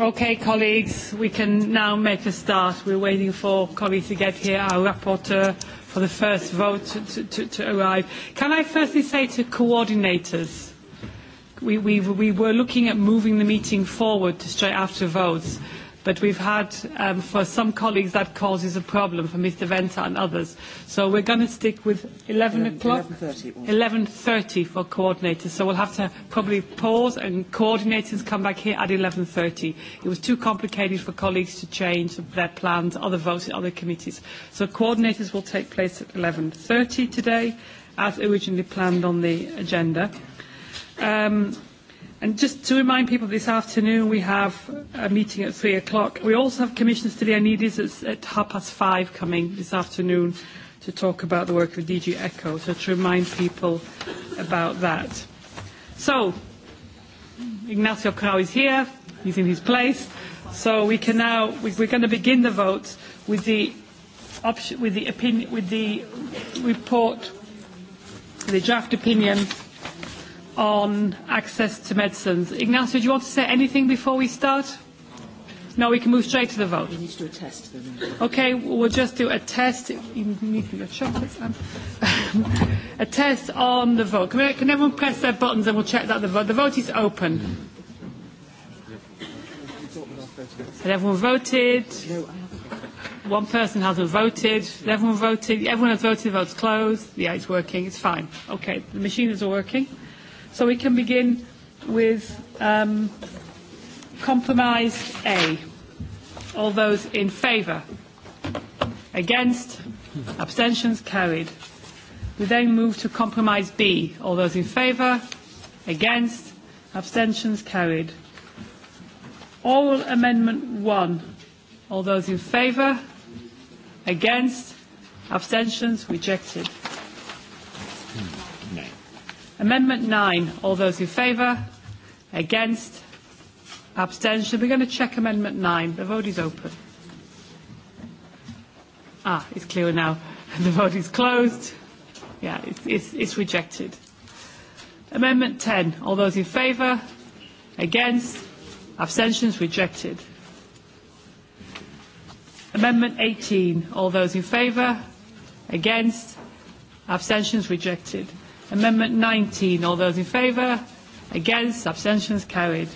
Okay, colleagues, we can now make a start. We're waiting for colleagues to get here, our rapporteur for the first vote to, to, to arrive. Can I firstly say to coordinators, we, we, we were looking at moving the meeting forward to straight after votes But we've had, um, for some colleagues, that causes a problem for Mr. Venter and others. So we're going to stick with 11 o'clock, 11.30 for coordinators. So we'll have to probably pause and coordinators come back here at 11.30. It was too complicated for colleagues to change their plans, other votes in other committees. So coordinators will take place at 11.30 today, as originally planned on the agenda. Um, And just to remind people, this afternoon we have a meeting at three o'clock. We also have Commissioner the at, at half past five coming this afternoon to talk about the work of DG ECHO, so to remind people about that. So, Ignacio Corral is here, he's in his place, so we can now, we're going to begin the vote with the with the opinion, with the report, the draft opinion on access to medicines. Ignacio, do you want to say anything before we start? No, we can move straight to the vote. We need to do a test. Okay, we'll just do a test. a test on the vote. Can, everyone press their buttons and we'll check that the vote. The vote is open. Has everyone voted? One person hasn't voted. Everyone voted. Everyone has voted. The vote's closed. Yeah, it's working. It's fine. Okay, the machines are working. So we can begin with um, compromise A. All those in favour? Against? Abstentions carried. We then move to compromise B. All those in favour? Against? Abstentions carried. Oral amendment 1. All those in favour? Against? Abstentions rejected. Amendment nine, All those in favour? Against? Abstention? We're going to check Amendment nine. The vote is open. Ah, it's clear now. The vote is closed. Yeah, it's, it's, it's rejected. Amendment 10. All those in favour? Against? Abstentions? Rejected. Amendment 18. All those in favour? Against? Abstentions? Rejected. Amendment 19. All those in favor? Against? Abstentions carried.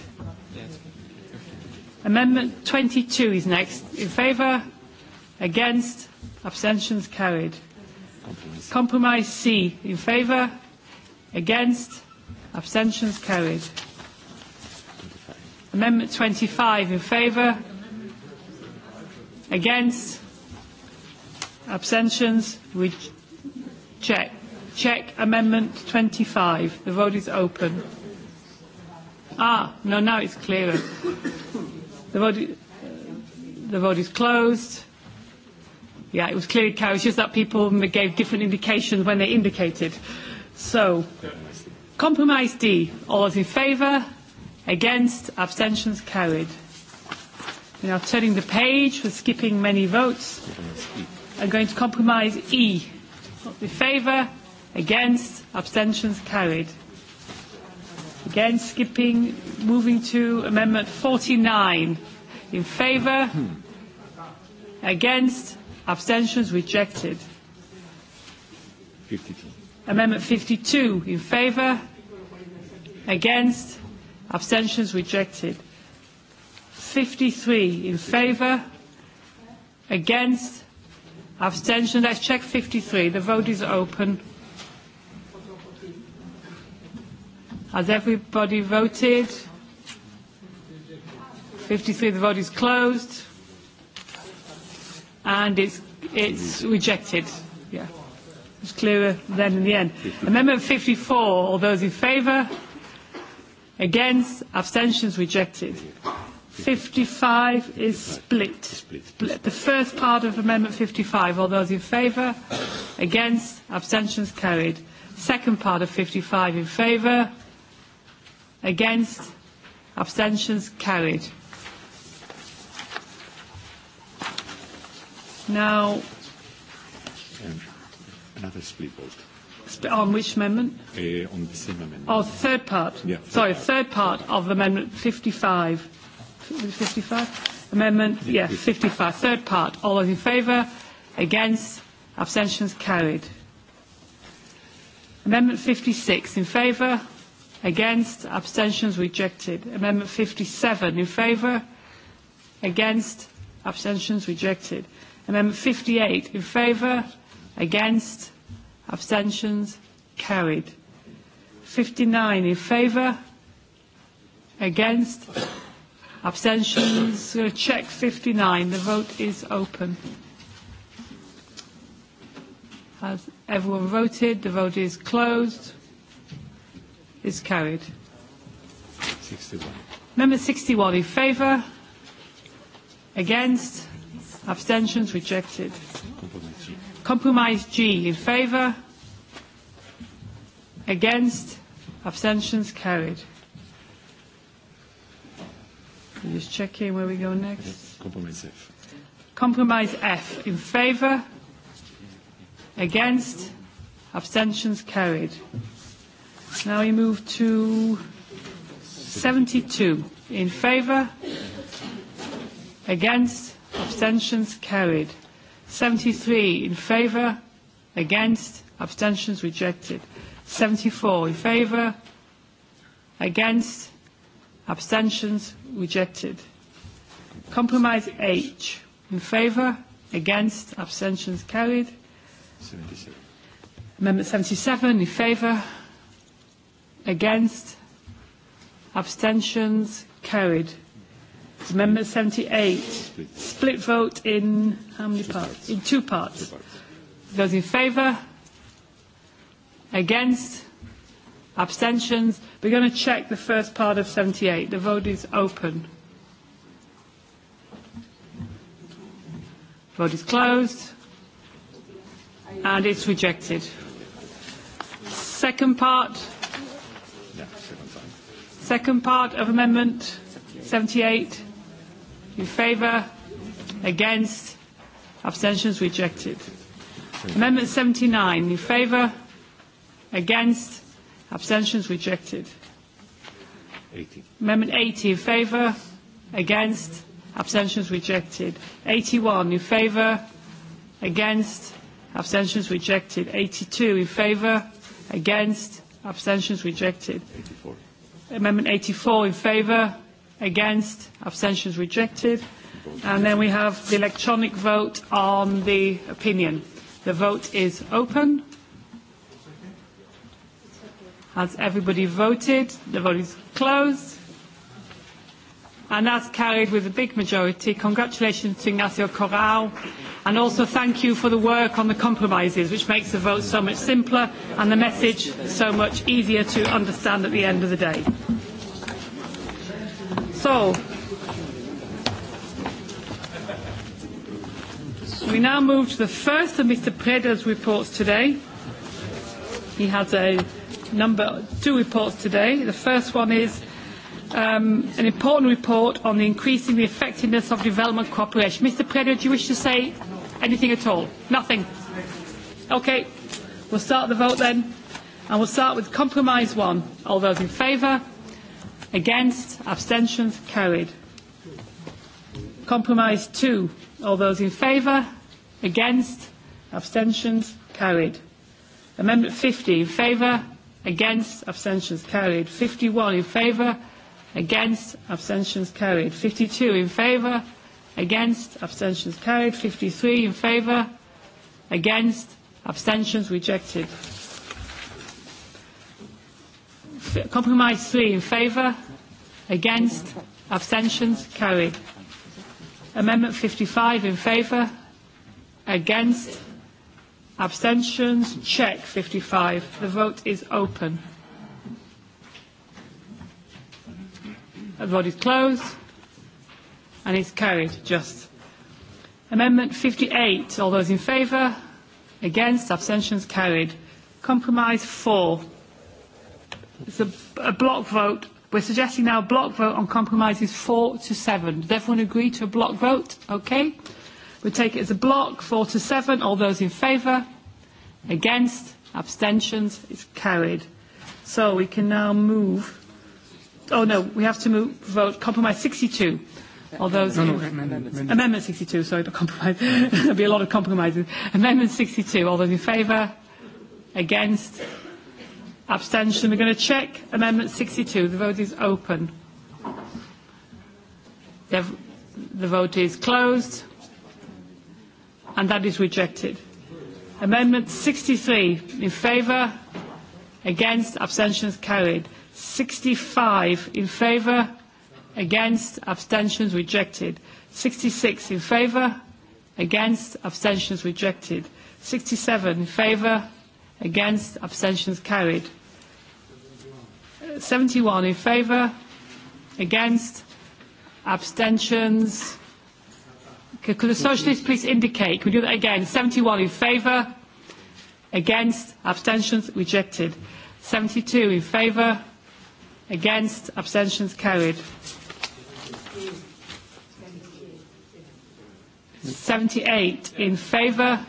Amendment 22 is next. In favor? Against? Abstentions carried. Compromise C. In favor? Against? Abstentions carried. Amendment 25 in favor? Against? Abstentions? We check check amendment 25. The vote is open. Ah, no, now it's clearer. The vote, the vote is closed. Yeah, it was clearly carried. It's just that people gave different indications when they indicated. So, compromise D. All those in favour? Against? Abstentions carried. now turning the page. We're skipping many votes. I'm going to compromise E. In favour? Against? Abstentions carried. Against? skipping, moving to Amendment 49. In favor? Against? Abstentions rejected. 52. Amendment 52. In favor? Against? Abstentions rejected. 53. In favor? Against? Abstentions? Let's check 53. The vote is open. Has everybody voted? 53, the vote is closed. And it's, it's rejected. Yeah. It's clearer then in the end. Amendment 54, all those in favour? Against? Abstentions rejected. 55 is split. The first part of Amendment 55, all those in favour? Against? Abstentions carried. Second part of 55 in favour? Against? Abstentions? Carried. Now... another split vote. Sp on which amendment? Uh, on the same amendment. Oh, third part. Yeah, third Sorry, part. third part of Amendment 55. 55? Amendment, yeah, yeah 55. Third part. All those in favour? Against? Abstentions? Carried. Amendment 56. In favour? Against? Abstentions rejected. Amendment 57 in favour? Against? Abstentions rejected. Amendment 58 in favour? Against? Abstentions carried. 59 in favour? Against? Abstentions? We'll check 59. The vote is open. Has everyone voted? The vote is closed is carried. 61. 61 in favor against, abstentions rejected. Compromise G, in favor against, abstentions carried. I'm just in where we go next. Compromise F. Compromise F in favor against, abstentions carried. Now we move to 72. In favour? Against? Abstentions carried. 73. In favour? Against? Abstentions rejected. 74. In favour? Against? Abstentions rejected. Compromise H. In favour? Against? Abstentions carried. 77. Amendment 77. In favour? Against? Abstentions? Carried. Amendment 78. Split vote in how many parts? In two parts. Those in favor? Against? Abstentions? We're going to check the first part of 78. The vote is open. Vote is closed. And it's rejected. Second part. Second part of Amendment 78. In favour? Against? Abstentions rejected. Amendment 79. In favour? Against? Abstentions rejected. 80. Amendment 80. In favour? Against? Abstentions rejected. 81. In favour? Against? Abstentions rejected. 82. In favour? Against? Abstentions rejected. 84. Amendment 84 in favour, against, abstentions rejected. And then we have the electronic vote on the opinion. The vote is open. Has everybody voted? The vote is closed and that's carried with a big majority. Congratulations to Ignacio Corral and also thank you for the work on the compromises which makes the vote so much simpler and the message so much easier to understand at the end of the day. So, we now move to the first of Mr Preda's reports today. He has a number two reports today. The first one is um, an important report on the increasing the effectiveness of development cooperation. Mr. Preda, do you wish to say anything at all? Nothing? Okay, we'll start the vote then. And we'll start with compromise one. All those in favour? Against? Abstentions? Carried. Compromise two. All those in favour? Against? Abstentions? Carried. Amendment 50 in favour? Against? Abstentions? Carried. 51 in favour? against abstentions carried 52 in favour? against abstentions carried 53 in favour? against abstentions rejected compromise 3 in favour? against abstentions carried amendment 55 in favour? against abstentions check 55 the vote is open Vote is closed. And it's carried. Just. Amendment 58. All those in favour? Against? Abstentions carried. Compromise four. It's a, a block vote. We're suggesting now a block vote on compromises four to seven. Does everyone agree to a block vote? Okay. We take it as a block, Four to seven. All those in favour? Against? Abstentions? It's carried. So we can now move Oh, no, we have to move, vote compromise 62. All those no, no, amendment, amendment. 62, sorry, the compromise. There'll be a lot of compromises. Amendment 62, all those in favour? Against? Abstention? We're going to check Amendment 62. The vote is open. The, the vote is closed. And that is rejected. Amendment 63, in favour? Against? Abstentions carried. 65 in favour, against, abstentions rejected. 66 in favour, against, abstentions rejected. 67 in favour, against, abstentions carried. 71 in favour, against, abstentions. Could the socialists please indicate? Can we do that again? 71 in favour, against, abstentions rejected. 72 in favour, Against? Abstentions carried. 78 in favor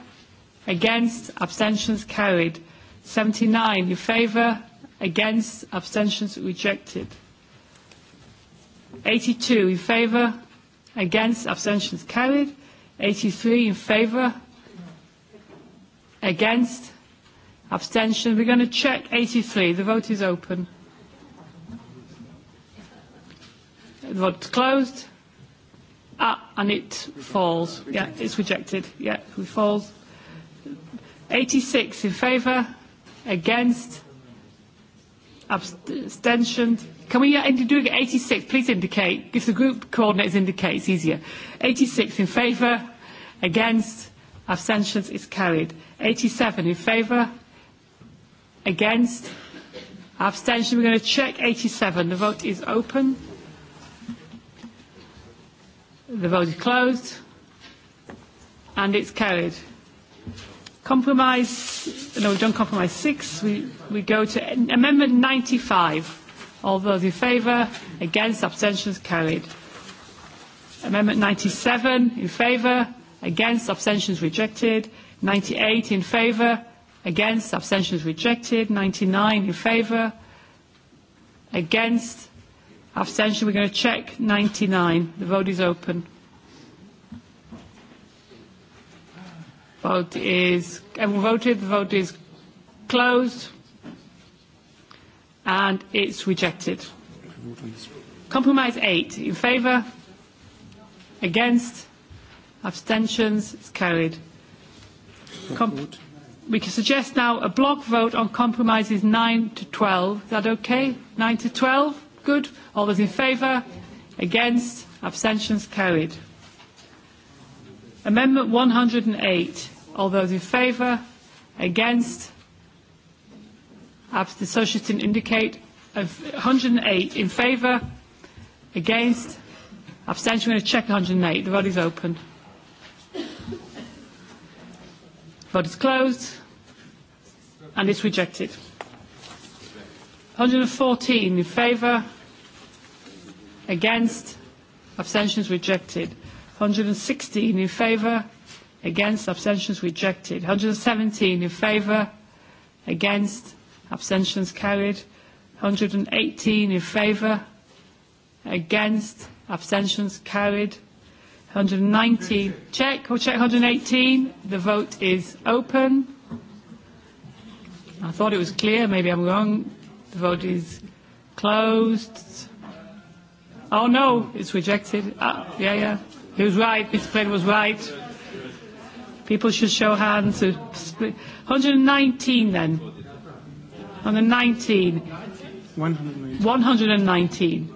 Against? Abstentions carried. 79 in favor Against? Abstentions rejected. 82 in favor Against? Abstentions carried. 83 in favor Against? Abstention. We're going to check 83. The vote is open. The is closed. Ah, and it falls. Yeah, it's rejected. Yeah, it falls. 86 in favour, against, abstention. Can we uh, do it 86? Please indicate. If the group coordinates indicate, it's easier. 86 in favour, against, abstentions is carried. 87 in favour, against, abstention. We're going to check 87. The vote is open. The vote is closed. And it's carried. Compromise, no, we've done compromise six. We, we go to amendment 95. All those in favour, against, abstentions carried. Amendment 97 in favour, against, abstentions rejected. 98 in favour, against, abstentions rejected. 99 in favour, against, Abstention. We're going to check 99. The vote is open. Vote is voted. The vote is closed, and it's rejected. Compromise eight in favor against, abstentions. It's carried. we can suggest now a block vote on compromises 9 to 12. Is that okay? 9 to 12. Good. All those in favour? Against? Abstentions carried. Amendment 108. All those in favour? Against? Abstentions. The socialists didn't indicate. 108 in favour? Against? Abstention. We're going to check 108. The vote is open. Vote is closed. And it's rejected. 114 in favour? against abstentions rejected 116 in favor against abstentions rejected 117 in favor against abstentions carried 118 in favor against abstentions carried 119 check or check 118 the vote is open I thought it was clear maybe I'm wrong the vote is closed Oh no, it's rejected. Ah, yeah, yeah. He was right. Mr. Plain was right. People should show hands. 119 then. On the 19. 119. 119.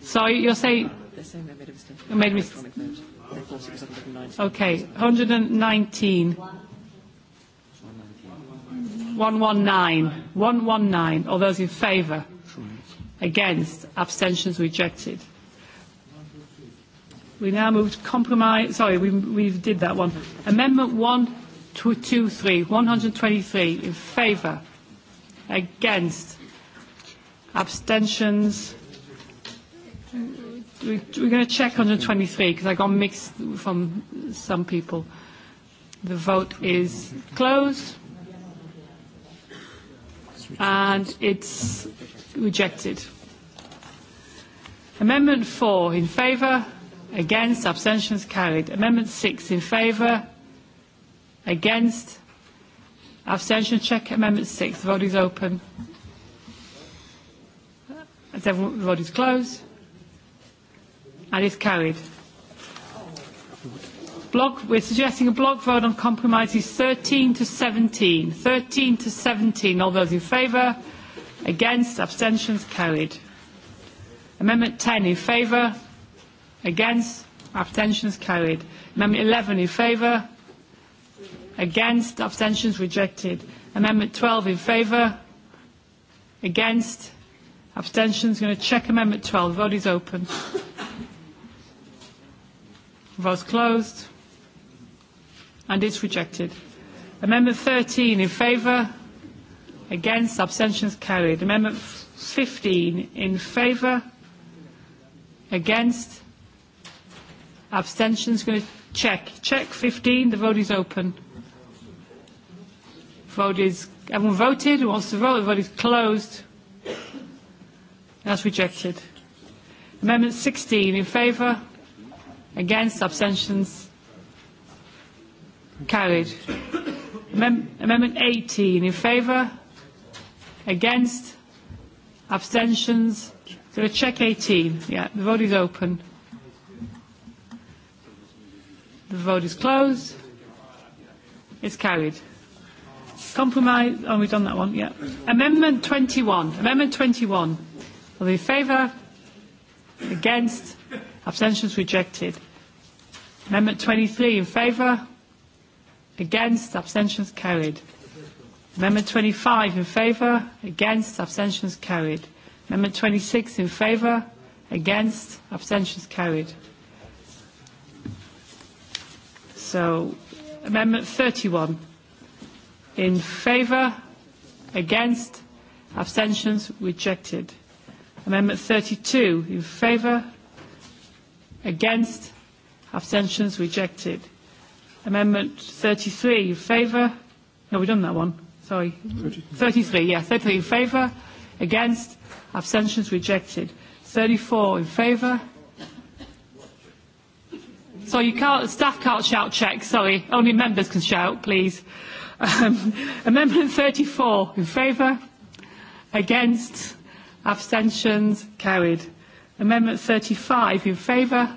Sorry, you're saying... They're saying they made a mistake. Made a mistake. Okay, 119. 119. 119. All those in favour? Against? Abstentions rejected. We now move to compromise. Sorry, we, we did that one. Amendment 123. 123. In favour? Against? Abstentions? We're going to check 123 because I got mixed from some people. The vote is closed and it's rejected. Amendment 4 in favour, against, abstentions carried. Amendment 6 in favour, against, abstention check. Amendment 6, the vote is open. the vote is closed and it's carried. Block, we're suggesting a block vote on compromises 13 to 17. 13 to 17. All those in favour? Against? Abstentions? Carried. Amendment 10 in favour? Against? Abstentions? Carried. Amendment 11 in favour? Against? Abstentions? Rejected. Amendment 12 in favour? Against? Abstentions? Going to check Amendment 12. Vote is open. Vote's closed and is rejected. Amendment 13 in favour, against, abstentions carried. Amendment 15 in favour, against, abstentions going to check. Check 15, the vote is open. Vote is, everyone voted, who wants to vote, the vote is closed. That's rejected. Amendment 16 in favour, against, abstentions Carried. Amendment 18 in favour? Against? Abstentions? So a check 18. Yeah, the vote is open. The vote is closed. It's carried. Compromise. Oh, we've done that one. Yeah. Amendment 21. Amendment 21. All in favour? Against? Abstentions rejected. Amendment 23 in favour? Against, abstentions carried. Amendment 25 in favour, against, abstentions carried. Amendment 26 in favour, against, abstentions carried. So, Amendment 31 in favour, against, abstentions rejected. Amendment 32 in favour, against, abstentions rejected. Amendment 33 in favour. No, we've done that one. Sorry. 33, yeah. 33 in favour. Against. Abstentions rejected. 34 in favour. So you can't, staff can't shout check, sorry. Only members can shout, please. Um, amendment 34 in favour. Against. Abstentions carried. Amendment 35 in favour.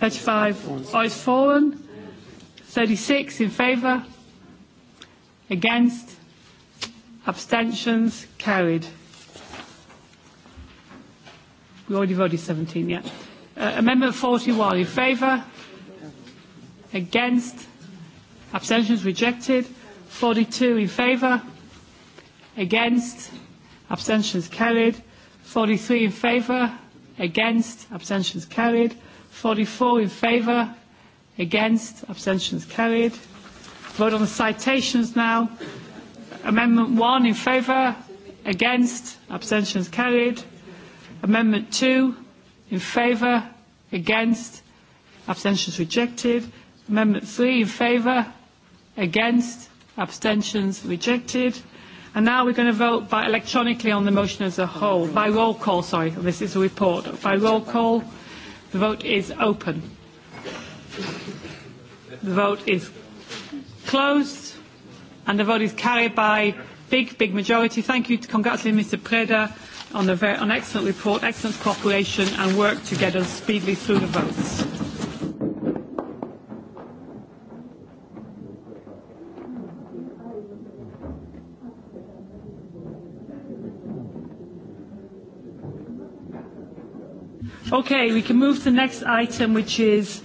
35. Oh, it's fallen. 36 in favor against abstentions carried we already voted 17 yeah uh, amendment 41 in favor against abstentions rejected 42 in favor against abstentions carried 43 in favor against abstentions carried 44 in favor against abstentions carried vote on the citations now amendment 1 in favour against abstentions carried amendment 2 in favour against abstentions rejected amendment 3 in favour against abstentions rejected and now we're going to vote by electronically on the motion as a whole by roll call sorry this is a report by roll call the vote is open The vote is closed and the vote is carried by big, big majority. Thank you to congratulate Mr. Preda on very, on excellent report, excellent cooperation and work to get us speedily through the votes. Okay, we can move to the next item, which is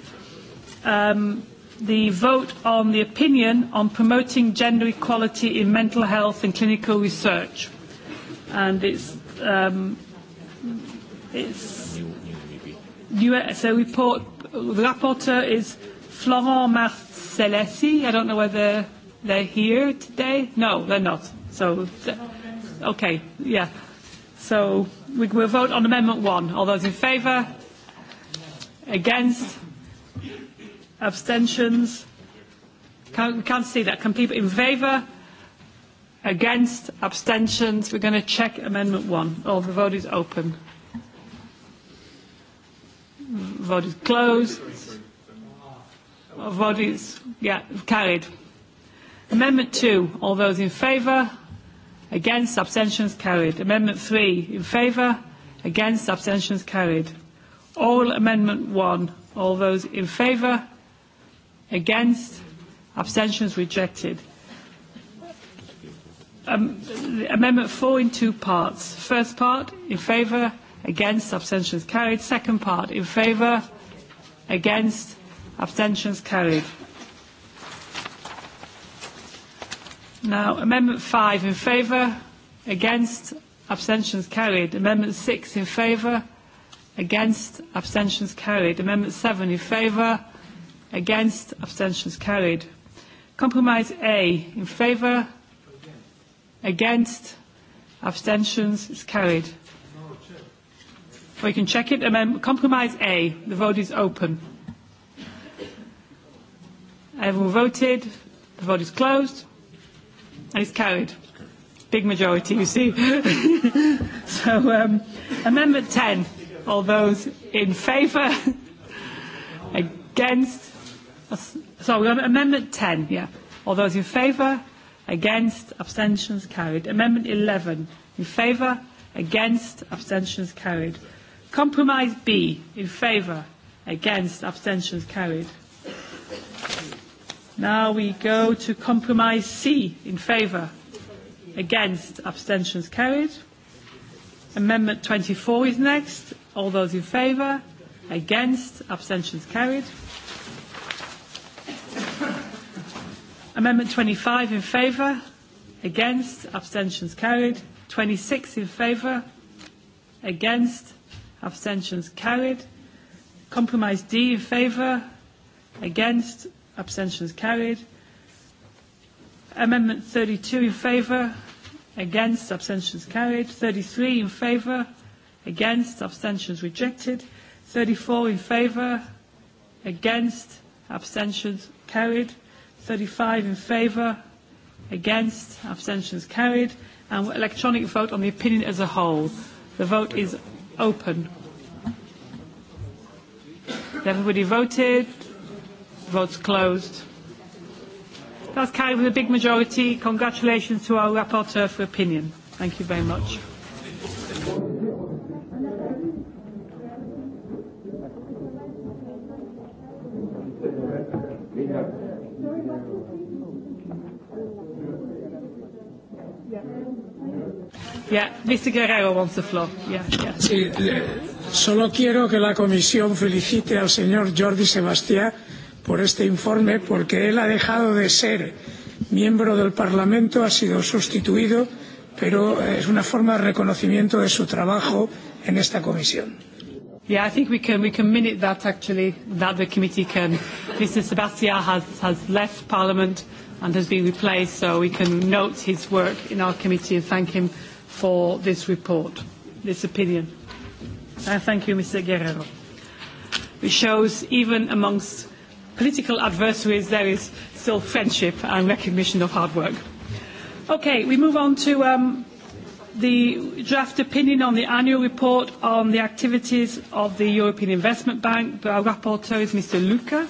um, the vote on the opinion on promoting gender equality in mental health and clinical research. And it's, um, it's, new so report, the rapporteur is Florent Marcellesi. I don't know whether they're here today. No, they're not. So, okay, yeah. So we will vote on Amendment one. All those in favor? Against? abstentions can't, we see that can people in favour against abstentions we're going to check amendment one oh the vote is open vote is closed vote is yeah carried amendment two all those in favour against abstentions carried amendment three in favour against abstentions carried All amendment one all those in favour against abstentions rejected um, amendment 4 in two parts first part in favor against abstentions carried second part in favor against abstentions carried now amendment 5 in favor against abstentions carried amendment 6 in favor against abstentions carried amendment 7 in favor Against. Abstentions carried. Compromise A. In favor? Against. Abstentions is carried. We can check it. Compromise A. The vote is open. Everyone voted. The vote is closed. And it's carried. Big majority, you see. so, um, Amendment 10. All those in favor? Against? So sorry, we're on Amendment 10, yeah. All those in favour, against, abstentions carried. Amendment 11, in favour, against, abstentions carried. Compromise B, in favour, against, abstentions carried. Now we go to compromise C, in favour, against, abstentions carried. Amendment 24 is next. All those in favour, against, abstentions carried. Amendment 25 in favour, against, abstentions carried. 26 in favour, against, abstentions carried. Compromise D in favour, against, abstentions carried. Amendment 32 in favour, against, abstentions carried. 33 in favour, against, abstentions rejected. 34 in favour, against, abstentions carried. 35 in favour, against, abstentions carried. And electronic vote on the opinion as a whole. The vote is open. Everybody voted. Votes closed. That's carried with a big majority. Congratulations to our rapporteur for opinion. Thank you very much. Eh, solo quiero que la Comisión felicite al señor Jordi Sebastián por este informe, porque él ha dejado de ser miembro del Parlamento, ha sido sustituido, pero es una forma de reconocimiento de su trabajo en esta comisión. Yeah, I think we can we can minute that actually that the committee can. Mr. Sebastia has has left Parliament and has been replaced, so we can note his work in our committee and thank him for this report, this opinion. thank you, Mr. Guerrero. It shows even amongst political adversaries there is still friendship and recognition of hard work. Okay, we move on to um, the draft opinion on the annual report on the activities of the European Investment Bank. Our rapporteur is Mr. Luca.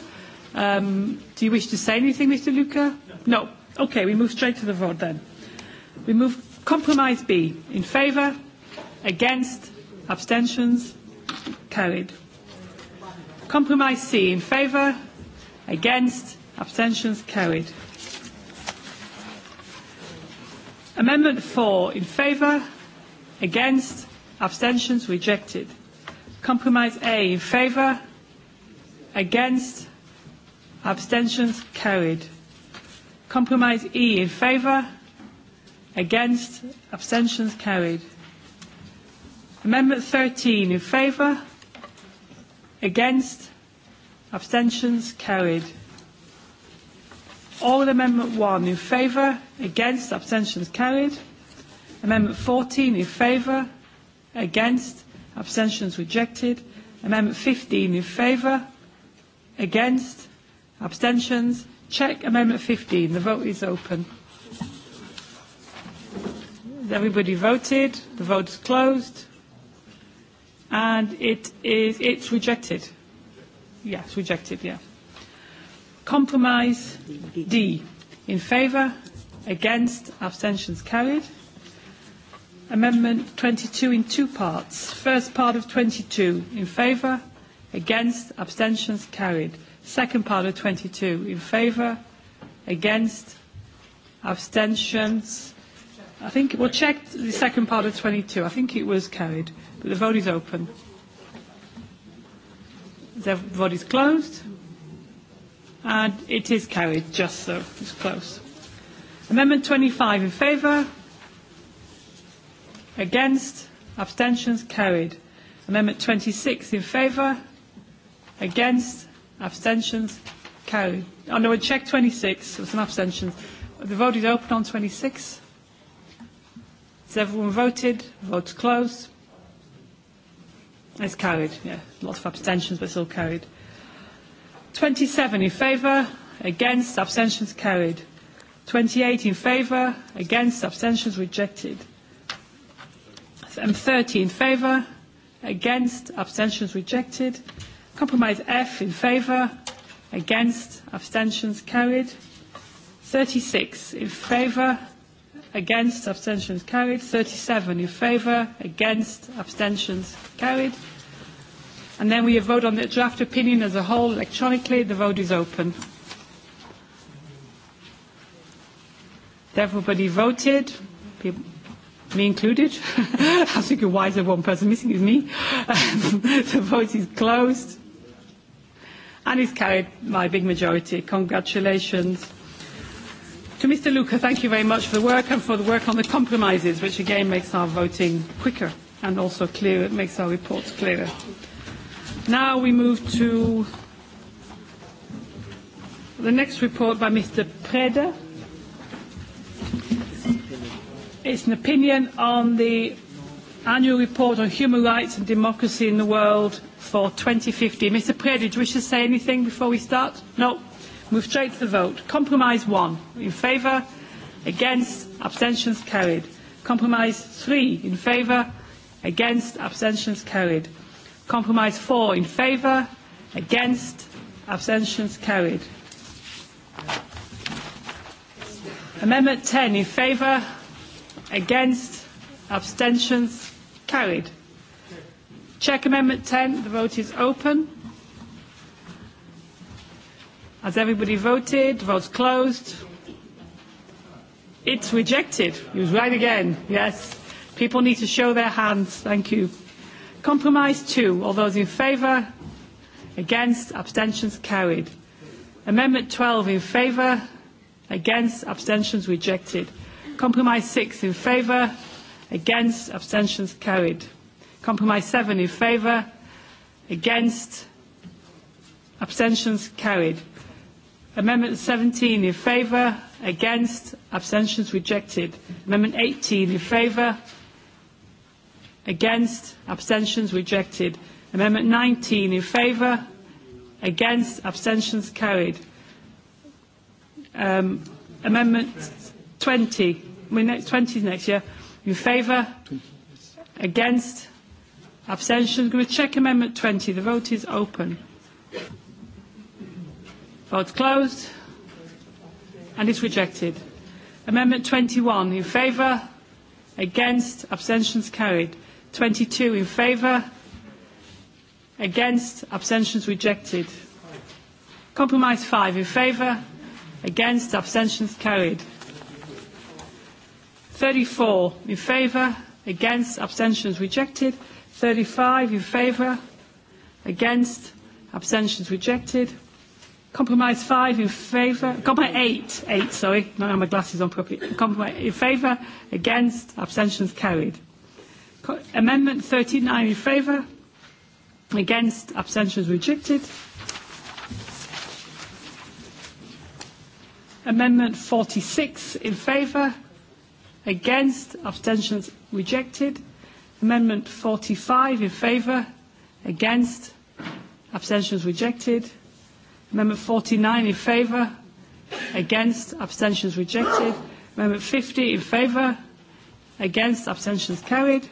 Um, do you wish to say anything, Mr. Luca? No. no. Okay, we move straight to the vote then. We move compromise B. In favour? Against? Abstentions? Carried. Compromise C. In favour? Against? Abstentions? Carried. Amendment four in favour, against, abstentions rejected. Compromise A in favour, against, abstentions carried. Compromise E in favour, against, abstentions carried. Amendment 13 in favour, against, abstentions carried. All Amendment 1 in favor, against, abstentions carried. Amendment 14 in favor, against, abstentions rejected. Amendment 15 in favor, against, abstentions. Check Amendment 15. The vote is open. Everybody voted. The vote is closed. And it is, it's rejected. Yes, rejected, yeah. Compromise D. In favour? Against? Abstentions carried. Amendment 22 in two parts. First part of 22 in favour? Against? Abstentions carried. Second part of 22 in favour? Against? Abstentions? I think we'll check the second part of 22. I think it was carried, but the vote is open. The vote is closed. And it is carried, just so. It's close. Amendment 25 in favour. Against. Abstentions carried. Amendment 26 in favour. Against. Abstentions carried. Oh no, check 26. There was an abstention. The vote is open on 26. Has everyone voted? Votes closed. It's carried, yeah. Lots of abstentions, but still carried twenty seven in favour against abstentions carried twenty eight in favour against abstentions rejected and thirty in favour against abstentions rejected compromise f in favour against abstentions carried thirty six in favour against abstentions carried thirty seven in favour against abstentions carried and then we vote on the draft opinion as a whole electronically. The vote is open. Everybody voted, me included. I think is wiser one person missing is me. the vote is closed and is carried by a big majority. Congratulations. To Mr. Luca, thank you very much for the work and for the work on the compromises, which again makes our voting quicker and also clearer, it makes our reports clearer. Now we move to the next report by Mr. Preda. It's an opinion on the annual report on human rights and democracy in the world for 2050. Mr. Preda, do you wish to say anything before we start? No. Move straight to the vote. Compromise one. In favour? Against? Abstentions carried. Compromise three. In favour? Against? Abstentions carried. Compromise four in favour, against, abstentions carried. Amendment 10 in favour, against, abstentions carried. Check Amendment 10, the vote is open. Has everybody voted? vote's closed. It's rejected. He was right again. Yes. People need to show their hands. Thank you. Compromise two All those in favour? Against? Abstentions? Carried. Amendment 12 in favour? Against? Abstentions? Rejected. Compromise 6 in favour? Against? Abstentions? Carried. Compromise seven in favour? Against? Abstentions? Carried. Amendment 17 in favour? Against? Abstentions? Rejected. Amendment 18 in favour? against abstentions rejected amendment 19 in favour against abstentions carried um, amendment 20 we next 20 next year in favour against abstentions going check amendment 20 the vote is open vote closed and it's rejected amendment 21 in favour against abstentions carried 22 in favour against abstentions rejected compromise 5 in favour against abstentions carried 34 in favour against abstentions rejected 35 in favour against abstentions rejected compromise 5 in favour compromise 8 Eight sorry not have my glasses on properly compromise in favour against abstentions carried Amendment 39 in favor Against. Abstentions rejected. Amendment 46 in favor Against. Abstentions rejected. Amendment 45 in favor Against. Abstentions rejected. Amendment 49 in favor Against. Abstentions rejected. Amendment 50 in favor Against. Abstentions carried.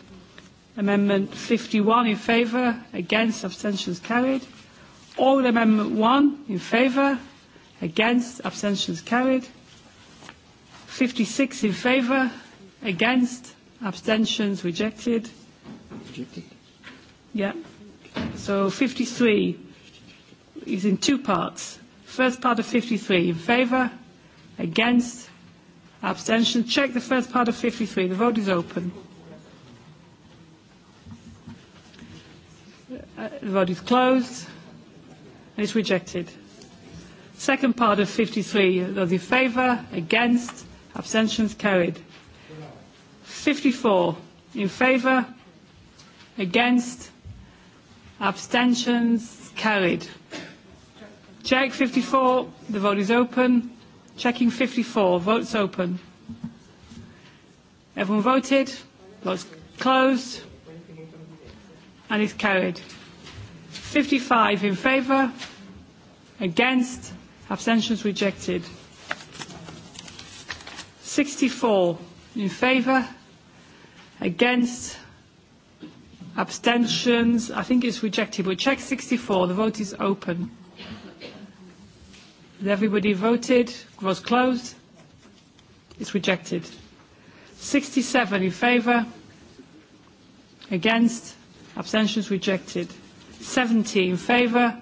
Amendment 51 in favour, against, abstentions carried. All Amendment 1 in favor, against, abstentions carried. 56 in favor, against, abstentions rejected. Rejected. Yeah. So 53 is in two parts. First part of 53 in favor, against, abstentions. Check the first part of 53. The vote is open. The uh, vote is closed. And it's rejected. Second part of 53. Those in favour, against, abstentions carried. 54. In favour, against, abstentions carried. Check 54. The vote is open. Checking 54. Votes open. Everyone voted. Votes closed and is carried. 55 in favour, against, abstentions rejected. 64 in favour, against, abstentions, I think it's rejected, We check 64, the vote is open. Has everybody voted? Was closed? It's rejected. 67 in favour, against, abstentions rejected 70 in favor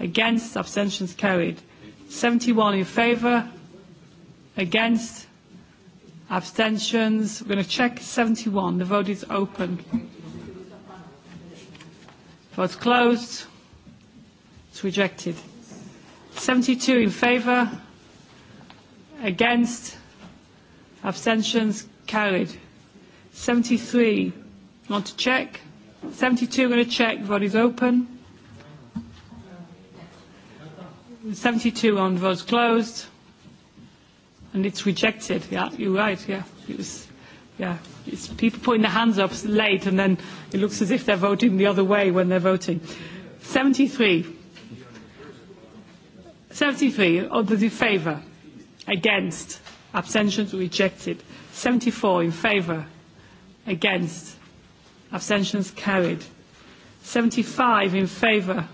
against abstentions carried 71 in favor against abstentions we're going to check 71 the vote is open votes closed it's rejected 72 in favor against abstentions carried 73 want to check 72, I'm going to check. Vote is open. 72 on votes closed. And it's rejected. Yeah, you're right. Yeah, it was, yeah. It's people putting their hands up late and then it looks as if they're voting the other way when they're voting. 73. 73, all in favour? Against? Abstentions rejected. 74 in favour? Against? abstentions carried 75 in favour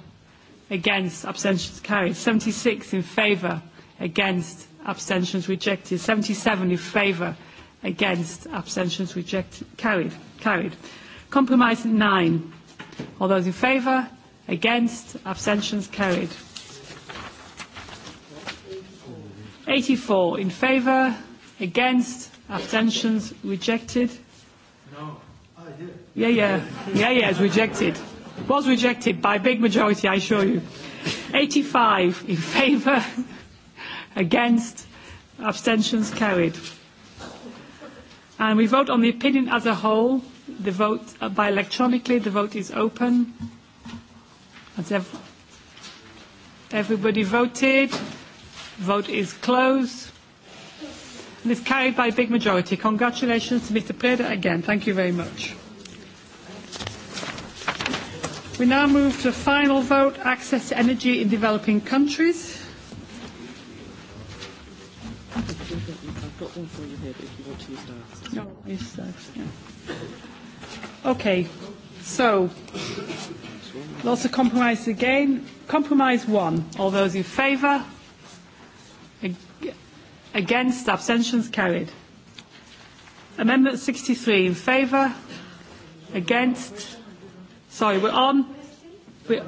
against abstentions carried 76 in favour against abstentions rejected 77 in favour against abstentions rejected carried carried compromise 9 all those in favour against abstentions carried 84 in favour against abstentions rejected Yeah, yeah. Yeah, yeah, was rejected. Was rejected by a big majority, I assure you. 85 in favour, against, abstentions carried. And we vote on the opinion as a whole. The vote uh, by electronically, the vote is open. As ev everybody voted? Vote is closed and is carried by a big majority. Congratulations to Mr Preda again. Thank you very much. We now move to the final vote, access to energy in developing countries. Okay, so lots of compromise again. Compromise one. All those in favour? Against? Abstentions carried. Amendment 63 in favour? Against? Sorry, we're on. We're...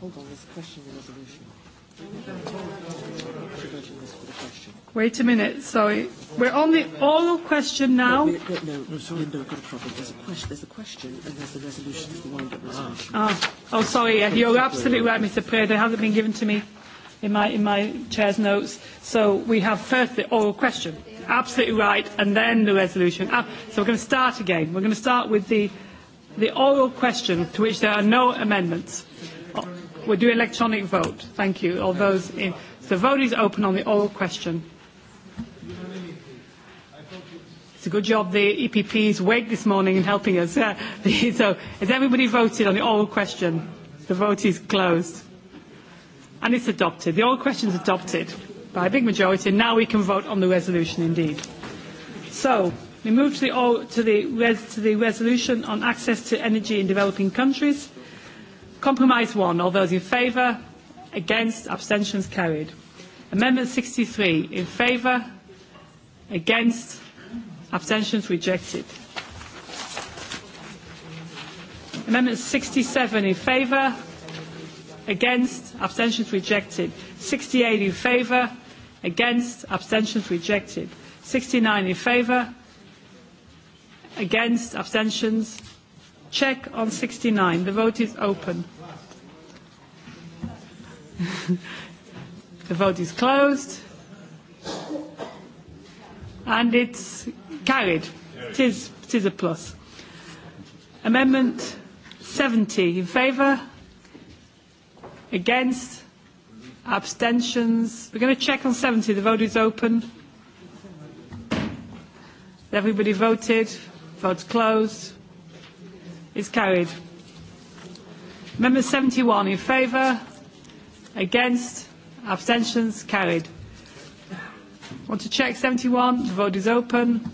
Hold on, there's a question in the resolution. Wait a minute, sorry. We're on the oral question now. No, There's a question, there's a question and there's a resolution, the wind-up resolution. Ah. Oh, sorry, yeah, you're absolutely right, Mr. Prayer. They haven't been given to me in my, in my chair's notes. So we have first the oral question. Absolutely right. And then the resolution. Ah, so we're going to start again. We're going to start with the, the oral question to which there are no amendments. Oh, we'll do electronic vote. Thank you. All those in. So the vote is open on the oral question. It's a good job the EPP is awake this morning in helping us. so has everybody voted on the oral question? The vote is closed and it's adopted. The oral question is adopted by a big majority. and Now we can vote on the resolution indeed. So we move to the, to the, to the resolution on access to energy in developing countries. Compromise one. All those in favour? Against? Abstentions carried. Amendment 63. In favour? Against? Abstentions rejected. Amendment 67 in favour? against abstentions rejected 68 in favor? against abstentions rejected 69 in favor? against abstentions check on 69 the vote is open the vote is closed and it's carried it is, it is a plus amendment 70 in favor Against? Abstentions? We're going to check on 70. The vote is open. Everybody voted. Votes closed. It's carried. Member 71 in favor? Against? Abstentions? Carried. Want to check 71? The vote is open.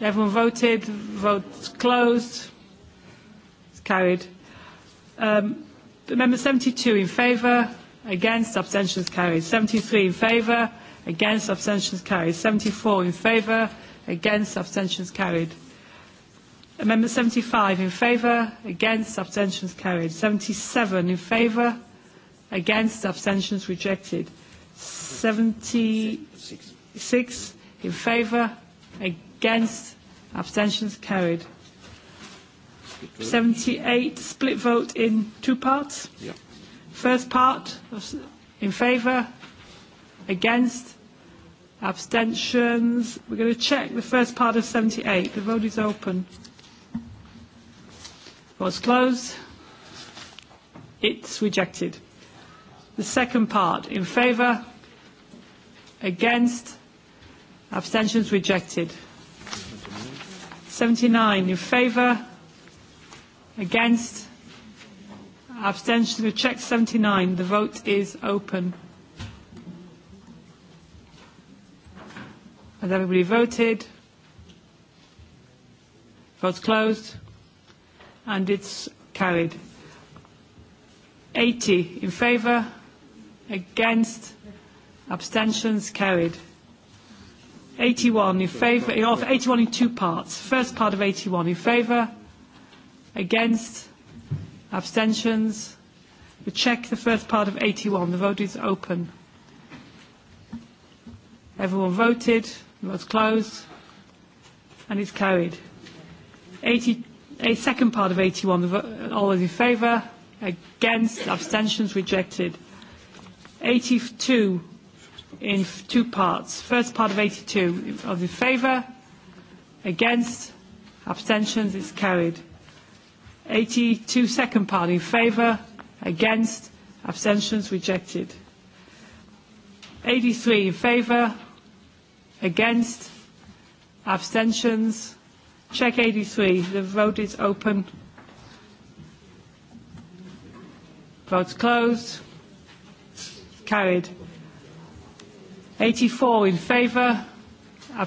Everyone voted. Votes closed. It's carried. Um, amendment 72 in favour, against, abstentions carried. 73 in favour, against, abstentions carried. 74 in favour, against, abstentions carried. Amendment 75 in favour, against, abstentions carried. 77 in favour, against, abstentions rejected. 76 in favour, against, abstentions carried. 78, split vote in two parts. First part, in favour, against, abstentions. We're going to check the first part of 78. The vote is open. Vote's closed. It's rejected. The second part, in favour, against, abstentions rejected. 79 in favour, Against? Abstention. the check 79. The vote is open. Has everybody voted? Votes closed. And it's carried. 80 in favour. Against? Abstentions carried. 81 in favour. 81 in two parts. First part of 81 in favour Against? Abstentions? We check the first part of 81. The vote is open. Everyone voted. The vote's closed. And it's carried. 80, a second part of 81. The vote, all those in favor. Against? Abstentions? Rejected. 82 in two parts. First part of 82. Of in favor. Against? Abstentions? It's carried 82 second part in favor, against abstentions rejected 83 in favor, against abstentions check 83 the vote is open votes closed carried 84 in favor, uh,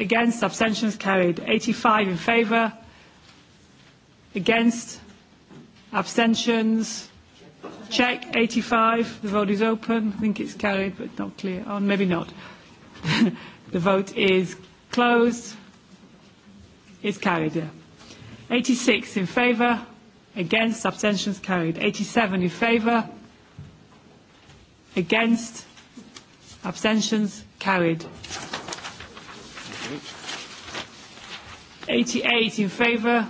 against abstentions carried 85 in favour Against? Abstentions? Check 85. The vote is open. I think it's carried, but not clear. Oh, maybe not. the vote is closed. It's carried, yeah. 86 in favour. Against? Abstentions carried. 87 in favour. Against? Abstentions carried. 88 in favour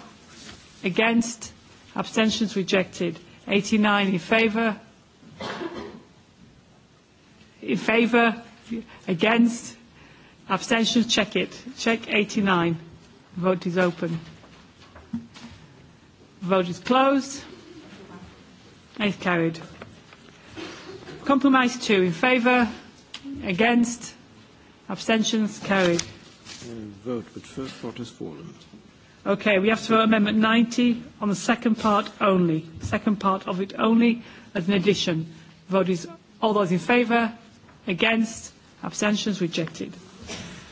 against abstentions rejected 89 in favor in favor against abstentions check it check 89 vote is open vote is closed and carried compromise 2 in favor against abstentions carried vote but first vote has fallen Okay, we have to vote Amendment 90 on the second part only. Second part of it only as an addition. Vote is all those in favour, against, abstentions rejected.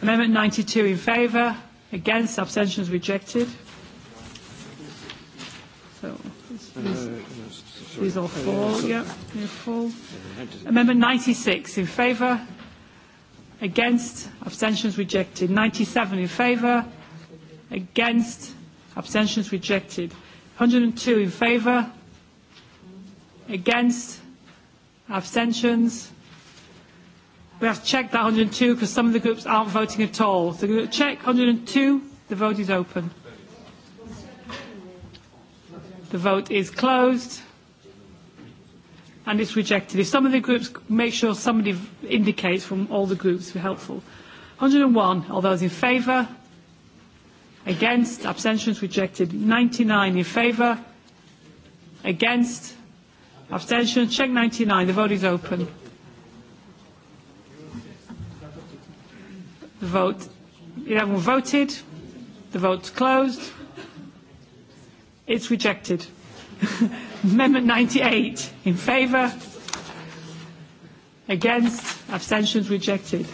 Amendment 92 in favour, against, abstentions rejected. So uh, these are uh, four. Yeah, they're uh, Amendment 96 in favour, against, abstentions rejected. 97 in favour against abstentions rejected 102 in favor against abstentions we have to check that 102 because some of the groups aren't voting at all so check 102 the vote is open the vote is closed and it's rejected if some of the groups make sure somebody indicates from all the groups would be helpful 101 all those in favor against abstentions rejected 99 in favor against abstentions check 99 the vote is open the vote you voted the vote's closed it's rejected amendment 98 in favor against abstentions rejected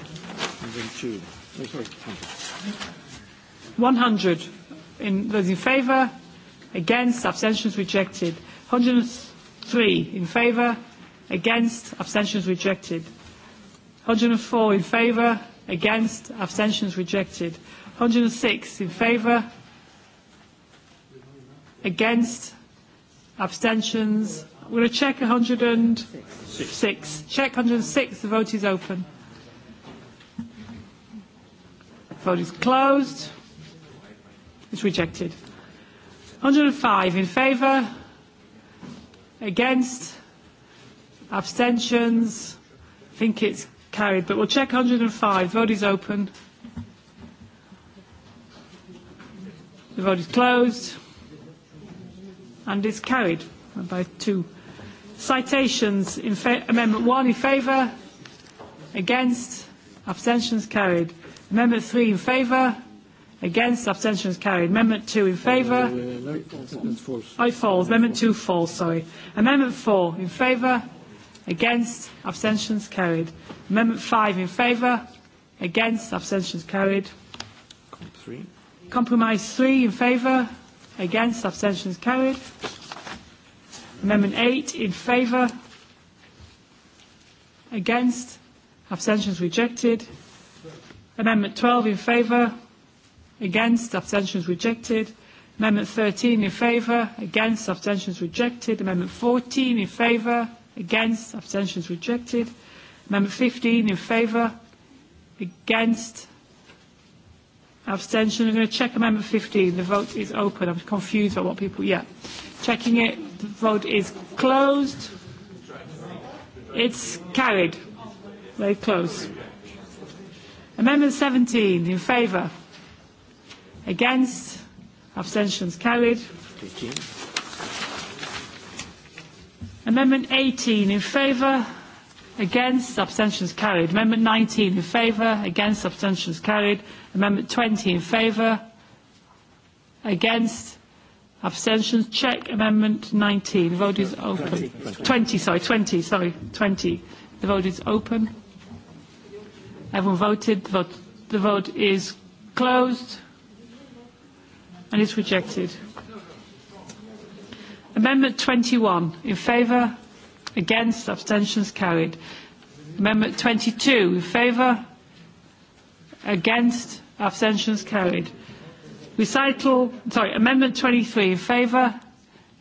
100 in those in favour against abstentions rejected 103 in favour against abstentions rejected 104 in favour against abstentions rejected 106 in favour against abstentions we're going to check 106 check 106 the vote is open vote is closed It's rejected. 105 in favor Against. Abstentions. I think it's carried, but we'll check 105. Vote is open. The vote is closed. And is carried by two. Citations in Amendment one in favor Against. Abstentions carried. Amendment three in favour. Against, abstentions carried. Amendment 2 in favour. Uh, I falls. Oh, Amendment 2 falls, sorry. Amendment 4 in favour. Against, abstentions carried. Amendment 5 in favour. Against, abstentions carried. Compromise 3 in favour. Against, abstentions carried. Amendment 8 in favour. Against, abstentions rejected. Amendment 12 in favour against abstentions rejected amendment 13 in favour against abstentions rejected amendment 14 in favour against abstentions rejected amendment 15 in favour against abstention I'm going to check amendment 15 the vote is open I'm confused about what people yeah checking it the vote is closed it's carried very close amendment 17 in favour Against? Abstentions carried. 18. Amendment 18 in favour. Against? Abstentions carried. Amendment 19 in favour. Against? Abstentions carried. Amendment 20 in favour. Against? Abstentions check. Amendment 19. The vote is open. 20, 20 sorry. 20, sorry. 20. The vote is open. Everyone voted. The vote, the vote is closed and is rejected. Amendment 21 in favour, against, abstentions carried. Amendment 22 in favour, against, abstentions carried. Recital, sorry, Amendment 23 in favour,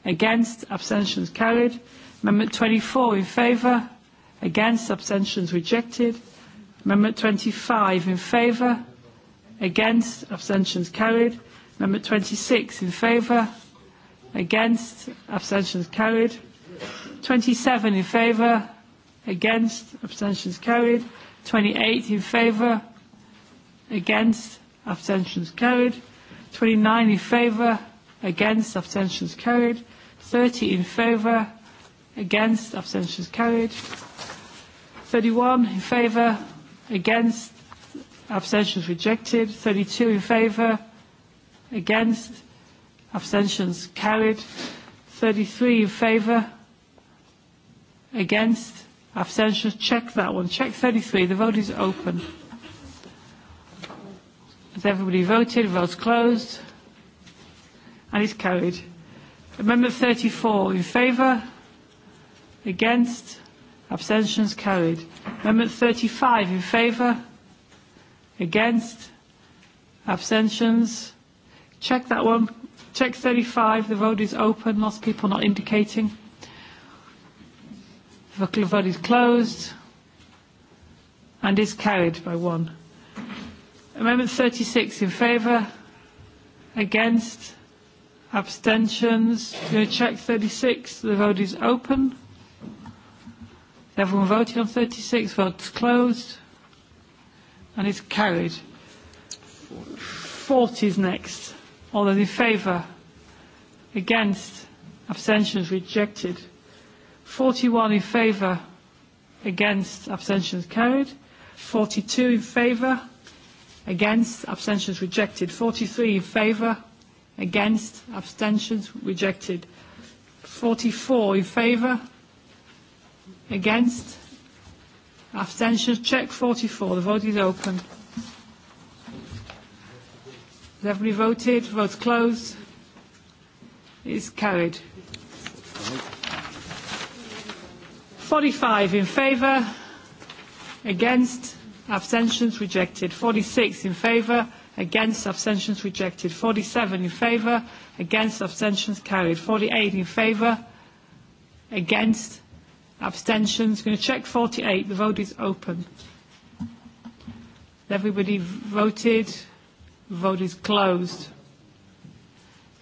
against, abstentions carried. Amendment 24 in favour, against, abstentions rejected. Amendment 25 in favour, against, abstentions carried. Number 26 in favour, against, abstentions carried. 27 in favour, against, abstentions carried. 28 in favour, against, abstentions carried. 29 in favour, against, abstentions carried. 30 in favour, against, abstentions carried. 31 in favour, against, abstentions rejected. 32 in favour, against abstentions carried 33 in favor? against abstentions check that one check 33 the vote is open has everybody voted votes closed and it's carried amendment 34 in favor? against abstentions carried amendment 35 in favor? against abstentions Check that one. Check 35. The vote is open. Lots of people not indicating. The vote is closed and is carried by one. Amendment 36 in favour, against, abstentions. going to check 36. The vote is open. Everyone voted on 36. Votes closed and is carried. 40 is next. All those in favour? Against? Abstentions rejected. 41 in favour? Against? Abstentions carried. 42 in favour? Against? Abstentions rejected. 43 in favour? Against? Abstentions rejected. 44 in favour? Against? Abstentions check 44. The vote is open. Has everybody voted? Votes closed. Is carried. 45 in favour. Against. Abstentions rejected. 46 in favour. Against. Abstentions rejected. 47 in favour. Against. Abstentions carried. 48 in favour. Against. Abstentions. Going to check 48. The vote is open. Everybody voted. Vote is closed.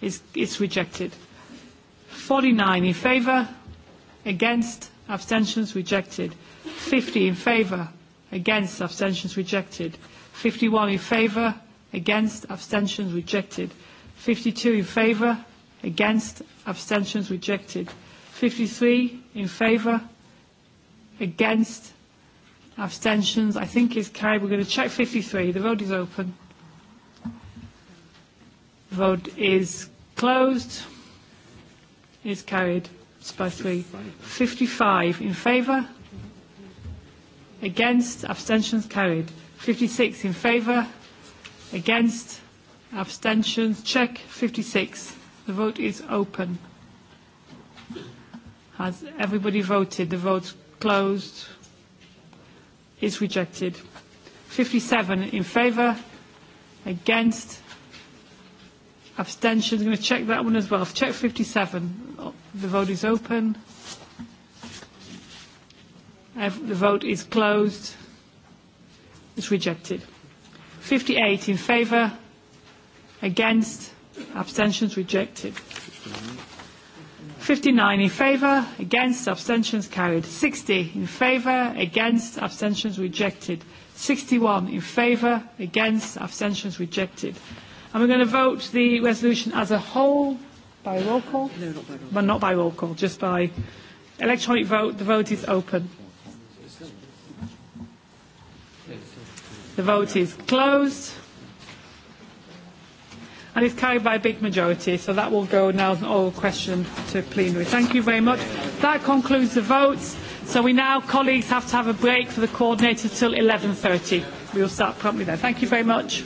It's, it's rejected. 49 in favour. Against. Abstentions rejected. 50 in favour. Against. Abstentions rejected. 51 in favour. Against. Abstentions rejected. 52 in favour. Against. Abstentions rejected. 53 in favour. Against. Abstentions. I think is carried. We're going to check 53. The vote is open. Vote is closed. Is carried by three. 55 in favor Against. Abstentions carried. 56 in favor Against. Abstentions. Check. 56. The vote is open. Has everybody voted? The vote's closed. Is rejected. 57 in favor Against. Abstentions. I'm going to check that one as well. I've checked 57. The vote is open. The vote is closed. It's rejected. 58 in favour. Against. Abstentions rejected. 59 in favour. Against. Abstentions carried. 60 in favour. Against. Abstentions rejected. 61 in favour. Against. Abstentions rejected. And we're going to vote the resolution as a whole by roll call. No, not by roll call. not by roll call, just by electronic vote. The vote is open. The vote is closed. And it's carried by a big majority, so that will go now as an oral question to plenary. Thank you very much. That concludes the votes. So we now, colleagues, have to have a break for the coordinator till 11.30. We will start promptly there. Thank you very much.